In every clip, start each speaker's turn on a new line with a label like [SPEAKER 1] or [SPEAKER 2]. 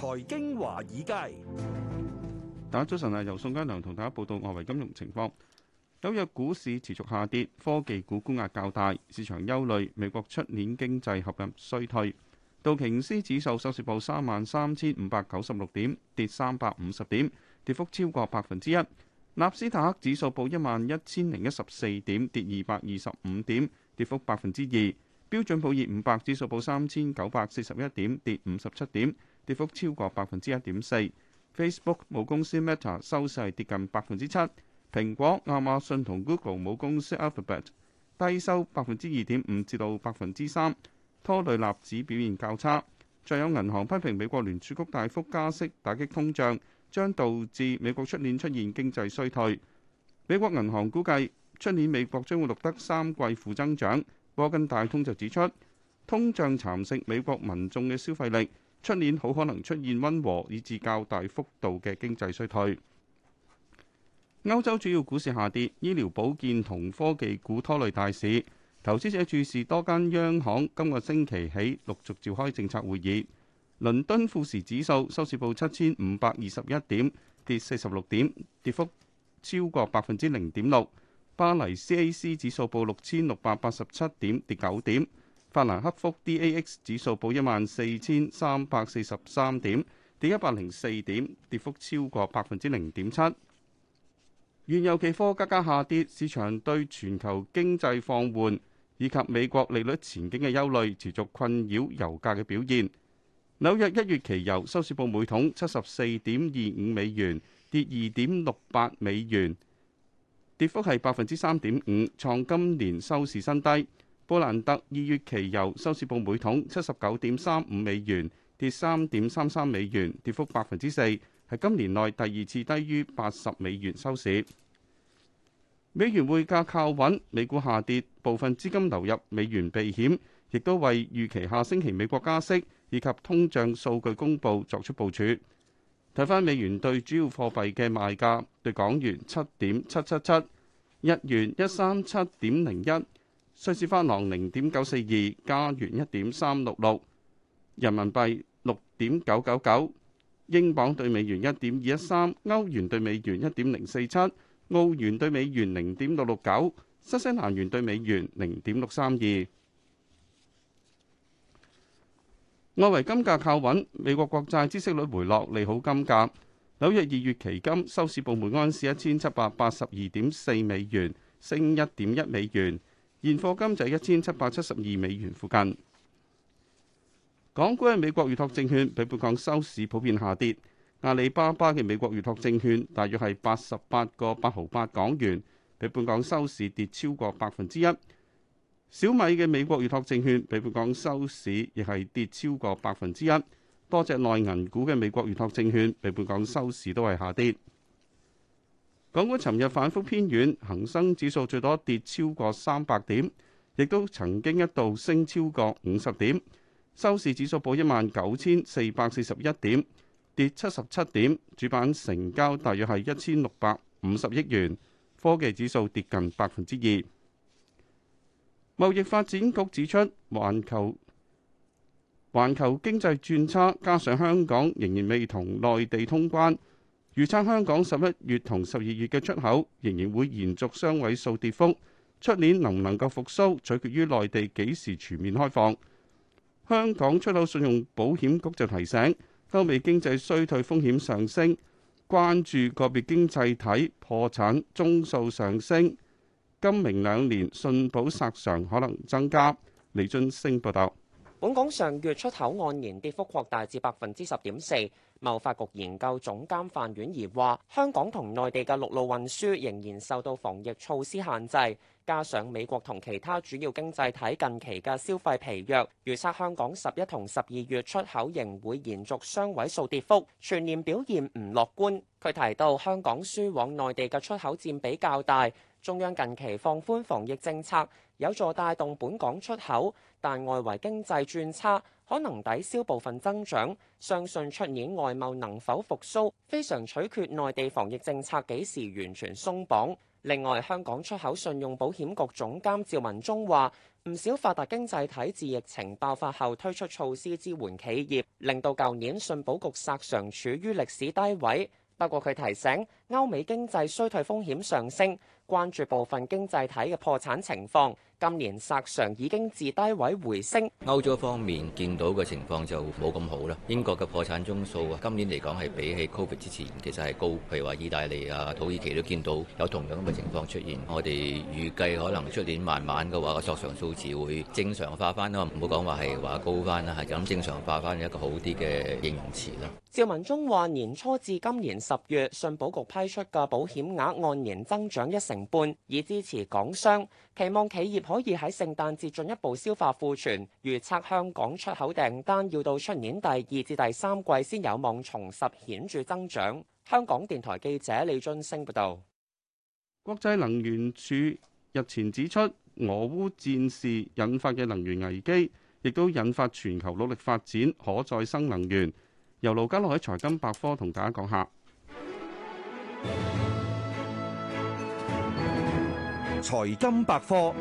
[SPEAKER 1] 財經華爾街。大家早晨啊！由宋嘉良同大家報道外圍金融情況。九日股市持續下跌，科技股沽壓較大，市場憂慮美國出年經濟陷入衰退。道瓊斯指數收市報三萬三千五百九十六點，跌三百五十點，跌幅超過百分之一。納斯達克指數報一萬一千零一十四點，跌二百二十五點，跌幅百分之二。標準普爾五百指數報三千九百四十一點，跌五十七點。跌幅超過百分之一點四。Facebook 母公司 Meta 收勢跌近百分之七。蘋果、亞馬遜同 Google 母公司 Alphabet 低收百分之二點五至到百分之三。拖累納指表現較差。再有銀行批評美國聯儲局大幅加息，打擊通脹，將導致美國出年出現經濟衰退。美國銀行估計出年美國將會錄得三季負增長。摩根大通就指出，通脹蠶食美國民眾嘅消費力。出年好可能出現溫和以至較大幅度嘅經濟衰退。歐洲主要股市下跌，醫療保健同科技股拖累大市。投資者注視多間央行今個星期起陸續召開政策會議。倫敦富時指數收市報七千五百二十一點，跌四十六點，跌幅超過百分之零點六。巴黎 CAC 指數報六千六百八十七點，跌九點。法蘭克福 DAX 指數報一萬四千三百四十三點，跌一百零四點，跌幅超過百分之零點七。原油期貨價格下跌，市場對全球經濟放緩以及美國利率前景嘅憂慮持續困擾油價嘅表現。紐約一月期油收市報每桶七十四點二五美元，跌二點六八美元，跌幅係百分之三點五，創今年收市新低。布蘭特二月期油收市報每桶七十九點三五美元，跌三點三三美元，跌幅百分之四，係今年內第二次低於八十美元收市。美元匯價靠穩，美股下跌，部分資金流入美元避險，亦都為預期下星期美國加息以及通脹數據公布作出部署。睇翻，美元對主要貨幣嘅賣價，對港元七點七七七，日元一三七點零一。瑞士法郎零點九四二，加元一點三六六，人民幣六點九九九，英鎊對美元一點二一三，歐元對美元一點零四七，澳元對美元零點六六九，新西蘭元對美元零點六三二。外圍金價靠穩，美國國債孳息率回落，利好金價。紐約二月期金收市報每安士一千七百八十二點四美元，升一點一美元。現貨金就係一千七百七十二美元附近。港股嘅美國預託證券比本港收市普遍下跌。阿里巴巴嘅美國預託證券大約係八十八個八毫八港元，比本港收市跌超過百分之一。小米嘅美國預託證券比本港收市亦係跌超過百分之一。多隻內銀股嘅美國預託證券比本港收市都係下跌。港股尋日反覆偏軟，恒生指數最多跌超過三百點，亦都曾經一度升超過五十點。收市指數報一萬九千四百四十一點，跌七十七點。主板成交大約係一千六百五十億元。科技指數跌近百分之二。貿易發展局指出，環球環球經濟轉差，加上香港仍然未同內地通關。預測香港十一月同十二月嘅出口仍然會延續雙位數跌幅，出年能唔能夠復甦，取決於內地幾時全面開放。香港出口信用保險局就提醒，歐美經濟衰退風險上升，關注個別經濟體破產宗數上升，今明兩年信保賠償可能增加。李俊升報導，
[SPEAKER 2] 本港上月出口按年跌幅擴大至百分之十點四。貿發局研究總監范婉儀話：香港同內地嘅陸路運輸仍然受到防疫措施限制，加上美國同其他主要經濟體近期嘅消費疲弱，預測香港十一同十二月出口仍會延續雙位數跌幅，全年表現唔樂觀。佢提到香港輸往內地嘅出口佔比較大。中央近期放寬防疫政策，有助帶動本港出口，但外圍經濟轉差，可能抵消部分增長，相信出年外貿能否復蘇，非常取決內地防疫政策幾時完全鬆綁。另外，香港出口信用保險局總監趙文忠話，唔少發達經濟體自疫情爆發後推出措施支援企業，令到舊年信保局索償處於歷史低位。不過，佢提醒，歐美經濟衰退風險上升，關注部分經濟體嘅破產情況。今年索償已經自低位回升。歐洲方面見到嘅情況就冇咁好啦。英國嘅破產宗數啊，今年嚟講係比起 Covid 之前其實係高。譬如話意大利啊、土耳其都見到有同樣咁嘅情況出現。我哋預計可能出年慢慢嘅話，個索償數字會正常化翻啦。唔好講話係話高翻啦，係咁正常化翻一個好啲嘅形容詞啦。趙文忠話：年初至今年十月，信保局批推出嘅保險額按年增長一成半，以支持港商。期望企業可以喺聖誕節進一步消化庫存。預測香港出口訂單要到出年第二至第三季先有望重拾顯著增長。香港電台記者李津星報道：
[SPEAKER 1] 「國際能源署日前指出，俄烏戰事引發嘅能源危機，亦都引發全球努力發展可再生能源。」由盧家樂喺財金百科同大家講下。財金百科。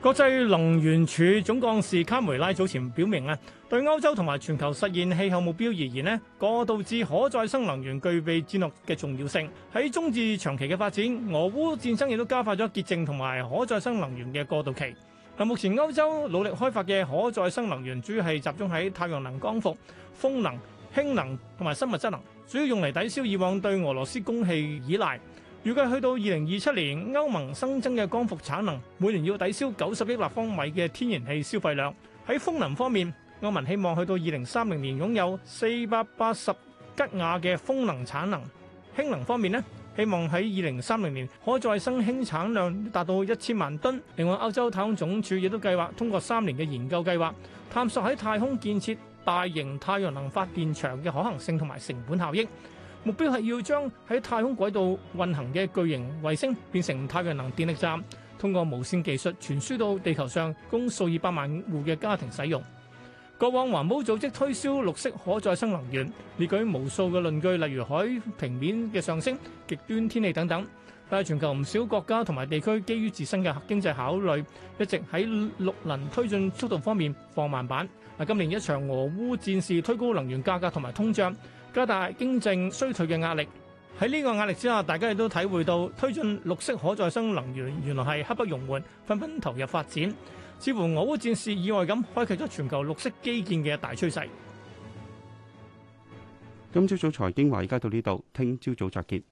[SPEAKER 1] 國際
[SPEAKER 3] 能源署總幹事卡梅拉早前表明啊，對歐洲同埋全球實現氣候目標而言咧，過渡至可再生能源具備戰略嘅重要性喺中至長期嘅發展。俄烏戰爭亦都加快咗潔淨同埋可再生能源嘅過渡期。嗱，目前歐洲努力開發嘅可再生能源主要係集中喺太陽能光伏、風能。氫能同埋生物質能，主要用嚟抵消以往對俄羅斯供氣依賴。預計去到二零二七年，歐盟新增嘅光伏產能每年要抵消九十億立方米嘅天然氣消費量。喺風能方面，歐盟希望去到二零三零年擁有四百八十吉瓦嘅風能產能。氫能方面呢，希望喺二零三零年可再生氫產量達到一千萬噸。另外，歐洲太空總署亦都計劃通過三年嘅研究計劃，探索喺太空建設大型太陽能發電場嘅可行性同埋成本效益，目標係要將喺太空軌道運行嘅巨型衛星變成太陽能電力站，通過無線技術傳輸到地球上，供數以百萬戶嘅家庭使用。過往環保組織推銷綠色可再生能源，列舉無數嘅論據，例如海平面嘅上升、極端天氣等等。但係全球唔少國家同埋地區，基於自身嘅經濟考慮，一直喺綠能推進速度方面放慢版。嗱，今年一場俄烏戰事推高能源價格同埋通脹，加大經濟衰退嘅壓力。喺呢個壓力之下，大家亦都體會到推進綠色可再生能源原來係刻不容緩，紛紛投入發展。似乎俄烏戰事意外咁開啟咗全球綠色基建嘅大趨勢。
[SPEAKER 1] 今朝早財經華爾街到呢度，聽朝早再見。